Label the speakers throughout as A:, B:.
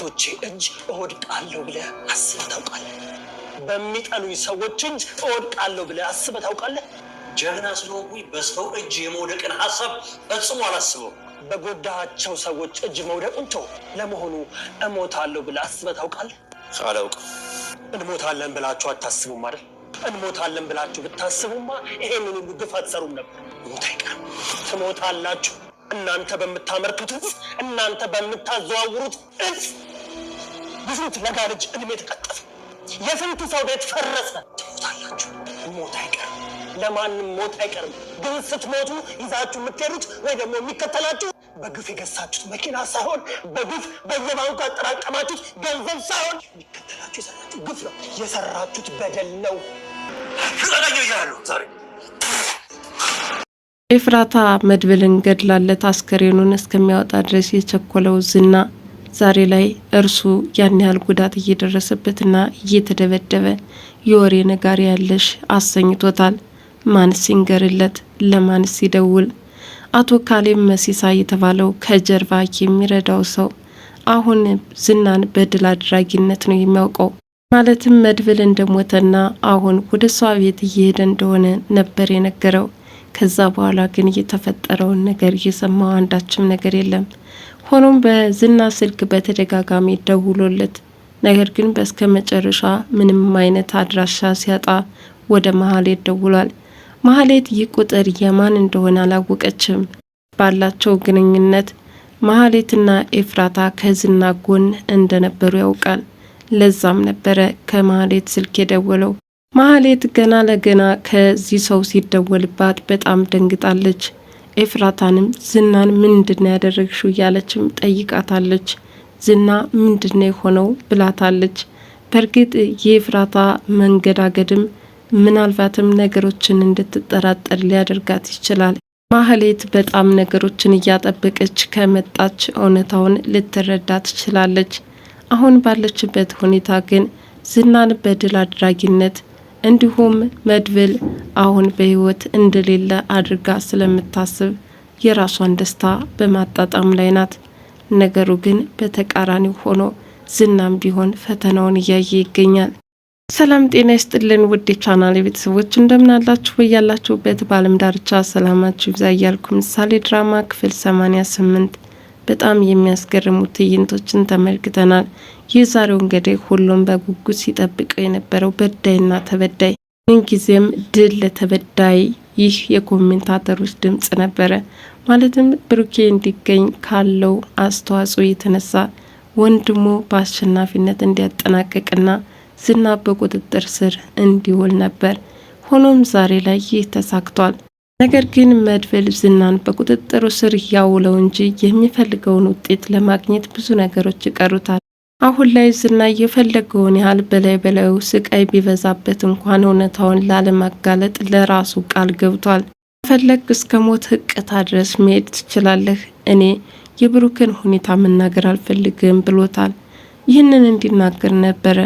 A: ጠላቶቼ እጅ እወድቃለሁ ብለህ አስበህ ታውቃለህ? በሚጠሉኝ ሰዎች እጅ እወድቃለሁ ብለህ አስበህ ታውቃለህ?
B: ጀግና ስለሆንኩኝ በሰው እጅ የመውደቅን ሀሳብ ፈጽሞ አላስበው።
A: በጎዳቸው ሰዎች እጅ መውደቁን ተው። ለመሆኑ እሞታለሁ ብለህ አስበህ ታውቃለህ? አላውቅም። እንሞታለን ብላችሁ አታስቡም አይደል? እንሞታለን ብላችሁ ብታስቡማ ይሄንን ሁሉ ግፍ አትሰሩም ነበር። ሞት አይቀርም፣ ትሞታላችሁ። እናንተ በምታመርቱት እናንተ በምታዘዋውሩት እጽ ብዙት ነጋርጅ እድሜ ተቀጠፈ። የስንቱ ሰው ቤት ፈረሰ። ትሞታላችሁ፣ ሞት አይቀርም። ለማንም ሞት አይቀርም። ግን ስትሞቱ ይዛችሁ የምትሄዱት ወይ ደግሞ የሚከተላችሁ በግፍ የገሳችሁት መኪና ሳይሆን በግፍ በየባንኩ ያጠራቀማችሁት ገንዘብ ሳይሆን የሚከተላችሁ የሰራችሁ ግፍ ነው፣ የሰራችሁት በደል ነው። ይላሉ ዛሬ
C: ኤፍራታ መድብልን ገድላለት አስከሬኑን እስከሚያወጣ ድረስ የቸኮለው ዝና ዛሬ ላይ እርሱ ያን ያህል ጉዳት እየደረሰበትና እየተደበደበ የወሬ ነጋሪ ያለሽ አሰኝቶታል። ማንስ ይንገርለት? ለማንስ ይደውል? አቶ ካሌብ መሲሳ የተባለው ከጀርባ የሚረዳው ሰው አሁን ዝናን በድል አድራጊነት ነው የሚያውቀው። ማለትም መድብል እንደሞተና አሁን ወደ ሷ ቤት እየሄደ እንደሆነ ነበር የነገረው። ከዛ በኋላ ግን የተፈጠረውን ነገር የሰማው አንዳችም ነገር የለም። ሆኖም በዝና ስልክ በተደጋጋሚ ደውሎለት ነገር ግን በስከ መጨረሻ ምንም አይነት አድራሻ ሲያጣ ወደ መሀሌት ደውሏል። መሀሌት ይህ ቁጥር የማን እንደሆነ አላወቀችም። ባላቸው ግንኙነት መሀሌትና ኤፍራታ ከዝና ጎን እንደነበሩ ያውቃል። ለዛም ነበረ ከመሀሌት ስልክ የደወለው። መሀሌት ገና ለገና ከዚህ ሰው ሲደወልባት በጣም ደንግጣለች። ኤፍራታንም ዝናን ምንድን ነው ያደረግሽው እያለችም ጠይቃታለች። ዝና ምንድን ነው የሆነው ብላታለች። በእርግጥ የኤፍራታ መንገዳገድም ምናልባትም ነገሮችን እንድትጠራጠር ሊያደርጋት ይችላል። ማህሌት በጣም ነገሮችን እያጠበቀች ከመጣች እውነታውን ልትረዳ ትችላለች። አሁን ባለችበት ሁኔታ ግን ዝናን በድል አድራጊነት እንዲሁም መድብል አሁን በህይወት እንደሌለ አድርጋ ስለምታስብ የራሷን ደስታ በማጣጣም ላይ ናት። ነገሩ ግን በተቃራኒ ሆኖ ዝናም ቢሆን ፈተናውን እያየ ይገኛል። ሰላም ጤና ይስጥልን ውድ የቻናል ቤተሰቦች እንደምናላችሁ በያላችሁበት በአለም ዳርቻ ሰላማችሁ ይብዛ እያልኩ ምሳሌ ድራማ ክፍል ሰማንያ ስምንት በጣም የሚያስገርሙ ትዕይንቶችን ተመልክተናል። የዛሬው እንግዲህ ሁሉም በጉጉት ሲጠብቀው የነበረው በዳይና ተበዳይ ምንጊዜም ድል ለተበዳይ ይህ የኮሜንታተሮች ድምጽ ነበረ። ማለትም ብሩኬ እንዲገኝ ካለው አስተዋጽኦ የተነሳ ወንድሙ በአሸናፊነት እንዲያጠናቅቅና ዝና በቁጥጥር ስር እንዲውል ነበር። ሆኖም ዛሬ ላይ ይህ ተሳክቷል። ነገር ግን መድብል ዝናን በቁጥጥሩ ስር ያውለው እንጂ የሚፈልገውን ውጤት ለማግኘት ብዙ ነገሮች ይቀሩታል። አሁን ላይ ዝና የፈለገውን ያህል በላይ በላዩ ስቃይ ቢበዛበት እንኳን እውነታውን ላለማጋለጥ ለራሱ ቃል ገብቷል። ከፈለግ እስከ ሞት ህቅታ ድረስ መሄድ ትችላለህ፣ እኔ የብሩክን ሁኔታ መናገር አልፈልግም ብሎታል። ይህንን እንዲናገር ነበረ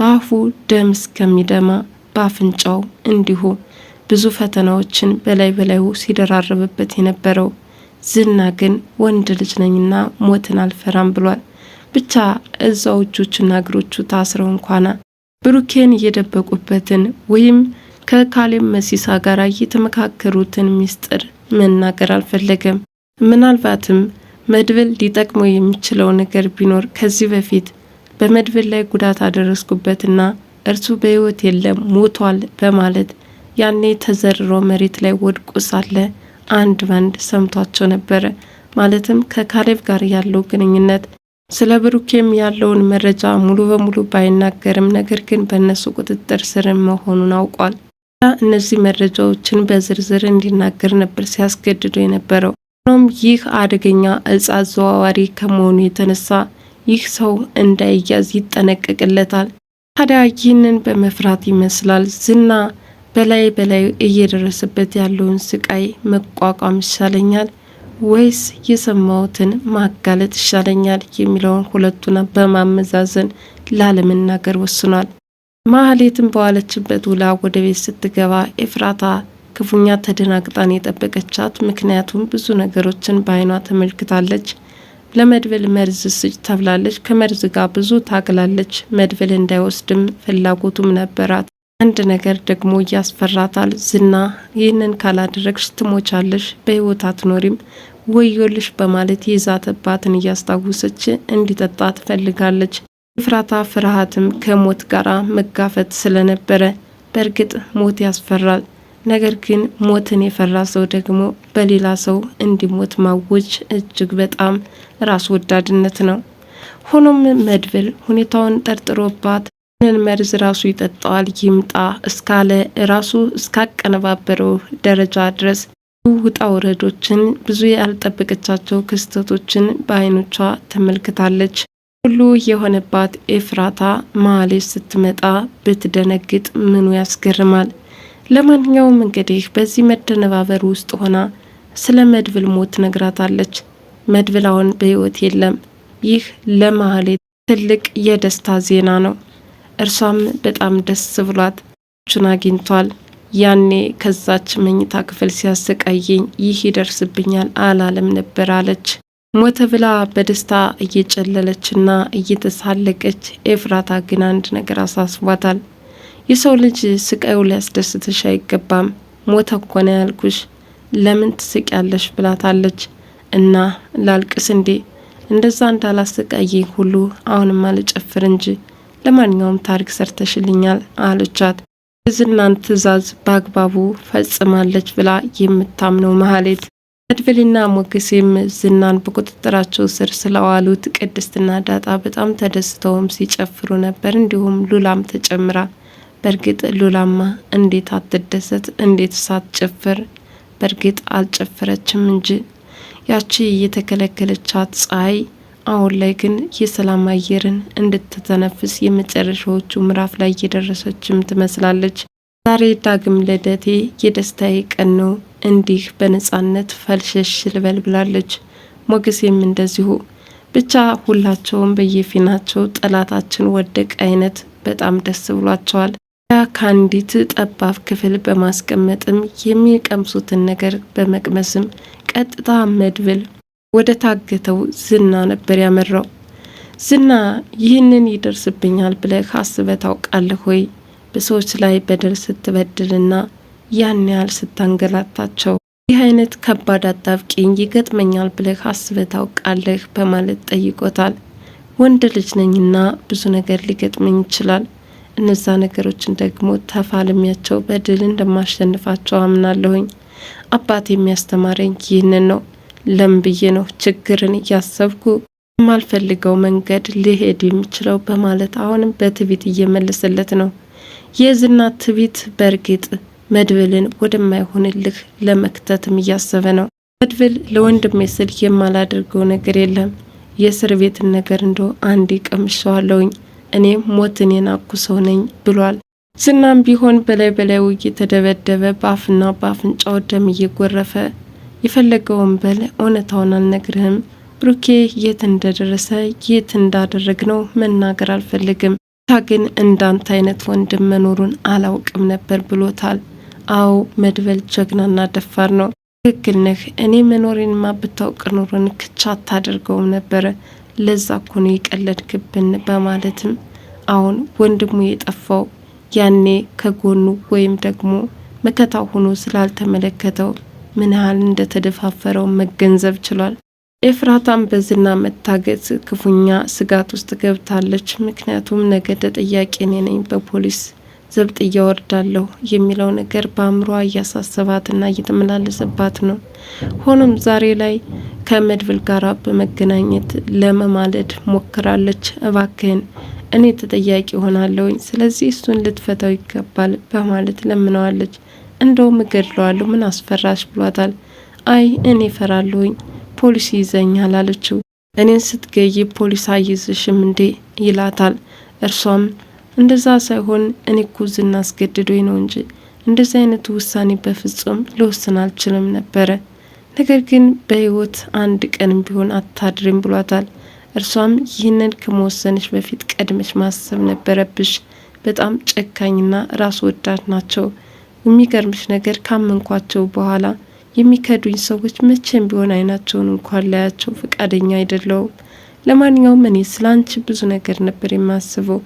C: በአፉ ደም እስከሚደማ በአፍንጫው እንዲሁ ብዙ ፈተናዎችን በላይ በላዩ ሲደራረብበት የነበረው ዝና ግን ወንድ ልጅ ነኝና ሞትን አልፈራም ብሏል። ብቻ እዛው እጆቹና እግሮቹ ታስረው እንኳና ብሩኬን እየደበቁበትን ወይም ከካሌም መሲሳ ጋር እየተመካከሩትን ሚስጥር መናገር አልፈለገም። ምናልባትም መድብል ሊጠቅመው የሚችለው ነገር ቢኖር ከዚህ በፊት በመድብል ላይ ጉዳት አደረስኩበትና እርሱ በሕይወት የለም ሞቷል በማለት ያኔ ተዘርሮ መሬት ላይ ወድቆ ሳለ አንድ ወንድ ሰምቷቸው ነበረ። ማለትም ከካሌብ ጋር ያለው ግንኙነት ስለ ብሩኬም ያለውን መረጃ ሙሉ በሙሉ ባይናገርም ነገር ግን በእነሱ ቁጥጥር ስር መሆኑን አውቋል። እነዚህ መረጃዎችን በዝርዝር እንዲናገር ነበር ሲያስገድዱ የነበረው። ሆኖም ይህ አደገኛ እጽ አዘዋዋሪ ከመሆኑ የተነሳ ይህ ሰው እንዳይያዝ ይጠነቀቅለታል። ታዲያ ይህንን በመፍራት ይመስላል ዝና በላይ በላይ እየደረሰበት ያለውን ስቃይ መቋቋም ይሻለኛል ወይስ የሰማሁትን ማጋለጥ ይሻለኛል የሚለውን ሁለቱን በማመዛዘን ላለመናገር ወስኗል። ማህሌትን በዋለችበት ውላ ወደ ቤት ስትገባ ኤፍራታ ክፉኛ ተደናግጣን የጠበቀቻት ምክንያቱም ብዙ ነገሮችን በአይኗ ተመልክታለች። ለመድብል መርዝ ስጭ ተብላለች። ከመርዝ ጋር ብዙ ታግላለች። መድብል እንዳይወስድም ፍላጎቱም ነበራት። አንድ ነገር ደግሞ እያስፈራታል። ዝና ይህንን ካላደረግሽ ትሞቻለሽ፣ በህይወት አትኖሪም፣ ወዮልሽ በማለት የዛተባትን እያስታወሰች እንዲጠጣ ትፈልጋለች። ፍራታ ፍርሃትም ከሞት ጋር መጋፈጥ ስለነበረ በእርግጥ ሞት ያስፈራል። ነገር ግን ሞትን የፈራ ሰው ደግሞ በሌላ ሰው እንዲሞት ማወጅ እጅግ በጣም ራስ ወዳድነት ነው። ሆኖም መድብል ሁኔታውን ጠርጥሮባት ይህንን መርዝ ራሱ ይጠጣዋል ይምጣ እስካለ ራሱ እስካቀነባበረው ደረጃ ድረስ ውጣ ውረዶችን ብዙ ያልጠበቀቻቸው ክስተቶችን በአይኖቿ ተመልክታለች። ሁሉ የሆነባት ኤፍራታ መሀሌት ስትመጣ ብትደነግጥ ምኑ ያስገርማል? ለማንኛውም እንግዲህ በዚህ መደነባበር ውስጥ ሆና ስለ መድብል ሞት ነግራታለች። መድብል አሁን በሕይወት የለም። ይህ ለመሀሌት ትልቅ የደስታ ዜና ነው። እርሷም በጣም ደስ ብሏት ቹን አግኝቷል። ያኔ ከዛች መኝታ ክፍል ሲያሰቃየኝ ይህ ይደርስብኛል አላለም ነበር አለች። ሞተ ብላ በደስታ እየጨለለችና እየተሳለቀች፣ ኤፍራታ ግን አንድ ነገር አሳስቧታል። የሰው ልጅ ስቃዩ ሊያስደስትሽ አይገባም፣ ሞተ ኮነ ያልኩሽ ለምን ትስቂያለሽ ብላታለች። እና ላልቅስ እንዴ? እንደዛ እንዳላሰቃየኝ ሁሉ አሁንም አልጨፍር እንጂ ለማንኛውም ታሪክ ሰርተሽልኛል አለቻት። የዝናን ትዕዛዝ በአግባቡ ፈጽማለች ብላ የምታምነው መሀሌት መድብልና ሞገሴም ዝናን በቁጥጥራቸው ስር ስለዋሉት ቅድስትና ዳጣ በጣም ተደስተውም ሲጨፍሩ ነበር። እንዲሁም ሉላም ተጨምራ። በእርግጥ ሉላማ እንዴት አትደሰት? እንዴት ሳትጨፍር? በእርግጥ አልጨፈረችም እንጂ ያቺ እየተከለከለቻት ፀሐይ አሁን ላይ ግን የሰላም አየርን እንድትተነፍስ የመጨረሻዎቹ ምዕራፍ ላይ የደረሰችም ትመስላለች። ዛሬ ዳግም ልደቴ የደስታዬ ቀን ነው፣ እንዲህ በነጻነት ፈልሸሽ ልበል ብላለች። ሞገሴም እንደዚሁ ብቻ ሁላቸውም በየፊናቸው ጠላታችን ወደቅ አይነት በጣም ደስ ብሏቸዋል። ያ ከአንዲት ጠባብ ክፍል በማስቀመጥም የሚቀምሱትን ነገር በመቅመስም ቀጥታ መድብል ወደ ታገተው ዝና ነበር ያመራው። ዝና ይህንን ይደርስብኛል ብለህ አስበህ ታውቃለህ ወይ? በሰዎች ላይ በደል ስትበድልና ያን ያህል ስታንገላታቸው ይህ አይነት ከባድ አጣብቂኝ ይገጥመኛል ብለህ አስበህ ታውቃለህ? በማለት ጠይቆታል። ወንድ ልጅ ነኝና ብዙ ነገር ሊገጥመኝ ይችላል። እነዛ ነገሮችን ደግሞ ተፋልሚያቸው በድል እንደማሸንፋቸው አምናለሁኝ። አባት የሚያስተማረኝ ይህንን ነው ለም ብዬ ነው ችግርን እያሰብኩ የማልፈልገው መንገድ ሊሄድ የሚችለው በማለት አሁንም በትቢት እየመለሰለት ነው። የዝና ትቢት በእርግጥ መድብልን ወደማይሆንልህ ለመክተትም እያሰበ ነው። መድብል ለወንድሜ ስል የማላደርገው ነገር የለም። የእስር ቤትን ነገር እንደ አንድ ይቀምሸዋለውኝ እኔ ሞትን የናኩ ሰው ነኝ ብሏል። ዝናም ቢሆን በላይ በላዩ እየተደበደበ በአፍና በአፍንጫው ደም እየጎረፈ የፈለገውን በል እውነታውን አልነግርህም። ብሩኬ የት እንደደረሰ የት እንዳደረግ ነው መናገር አልፈልግም። ታ ግን እንዳንተ አይነት ወንድም መኖሩን አላውቅም ነበር ብሎታል። አዎ መድበል ጀግናና ደፋር ነው። ትክክል ነህ። እኔ መኖሬንማ ብታውቅ ኑሮን ክቻ አታደርገውም ነበረ። ለዛ እኮ ነው የቀለድክብን። በማለትም አሁን ወንድሙ የጠፋው ያኔ ከጎኑ ወይም ደግሞ መከታ ሆኖ ስላልተመለከተው ምን ያህል እንደተደፋፈረው መገንዘብ ችሏል። ኤፍራታም በዝና መታገት ክፉኛ ስጋት ውስጥ ገብታለች። ምክንያቱም ነገ ተጠያቂ እኔ ነኝ፣ በፖሊስ ዘብጥ እያወርዳለሁ የሚለው ነገር በአእምሯ እያሳሰባትና እየተመላለሰባት ነው። ሆኖም ዛሬ ላይ ከመድብል ጋር በመገናኘት ለመማለድ ሞክራለች። እባክህን እኔ ተጠያቂ ሆናለሁኝ፣ ስለዚህ እሱን ልትፈታው ይገባል በማለት ለምነዋለች። እንደውም እገድለዋለሁ ምን አስፈራሽ ብሏታል። አይ እኔ ፈራለሁኝ ፖሊስ ይዘኛል አለችው። እኔን ስትገይ ፖሊስ አይዝሽም እንዴ ይላታል። እርሷም እንደዛ ሳይሆን እኔ እኮ ዝና አስገድዶኝ ነው እንጂ እንደዚህ አይነት ውሳኔ በፍጹም ልወስን አልችልም ነበረ። ነገር ግን በህይወት አንድ ቀንም ቢሆን አታድሪም ብሏታል። እርሷም ይህንን ከመወሰንሽ በፊት ቀድመሽ ማሰብ ነበረብሽ። በጣም ጨካኝና ራስ ወዳድ ናቸው። የሚገርምሽ ነገር ካመንኳቸው በኋላ የሚከዱኝ ሰዎች መቼም ቢሆን አይናቸውን እንኳን ላያቸው ፈቃደኛ አይደለውም። ለማንኛውም እኔ ስለ አንቺ ብዙ ነገር ነበር የማስበው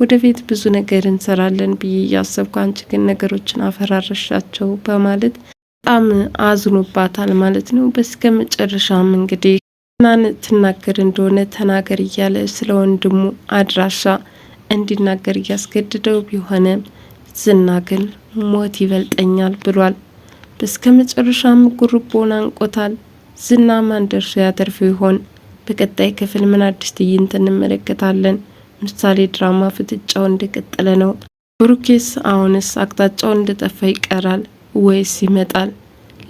C: ወደ ቤት ብዙ ነገር እንሰራለን ብዬ እያሰብኩ አንቺ ግን ነገሮችን አፈራረሻቸው በማለት በጣም አዝኖባታል ማለት ነው። በስከ መጨረሻም እንግዲህ ናን ትናገር እንደሆነ ተናገር እያለ ስለ ወንድሙ አድራሻ እንዲናገር እያስገድደው ቢሆንም ዝና ግን ሞት ይበልጠኛል ብሏል። በስከ መጨረሻም ጉርቦን አንቆታል። ዝና ማን ደርሶ ያተርፈው ይሆን? በቀጣይ ክፍል ምን አዲስ ትዕይንት እንመለከታለን? ምሳሌ ድራማ ፍጥጫው እንደቀጠለ ነው። ብሩኬስ አሁንስ አቅጣጫው እንደጠፋ ይቀራል ወይስ ይመጣል?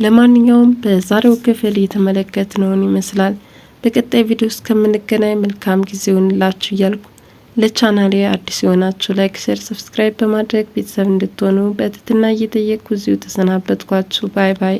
C: ለማንኛውም በዛሬው ክፍል የተመለከትነውን ይመስላል። በቀጣይ ቪዲዮ እስከምንገናኝ መልካም ጊዜ ይሆንላችሁ እያልኩ ለቻናሌ አዲስ የሆናችሁ ላይክ፣ ሼር፣ ሰብስክራይብ በማድረግ ቤተሰብ እንድትሆኑ በትህትና እየጠየቅኩ እዚሁ ተሰናበትኳችሁ። ባይ ባይ።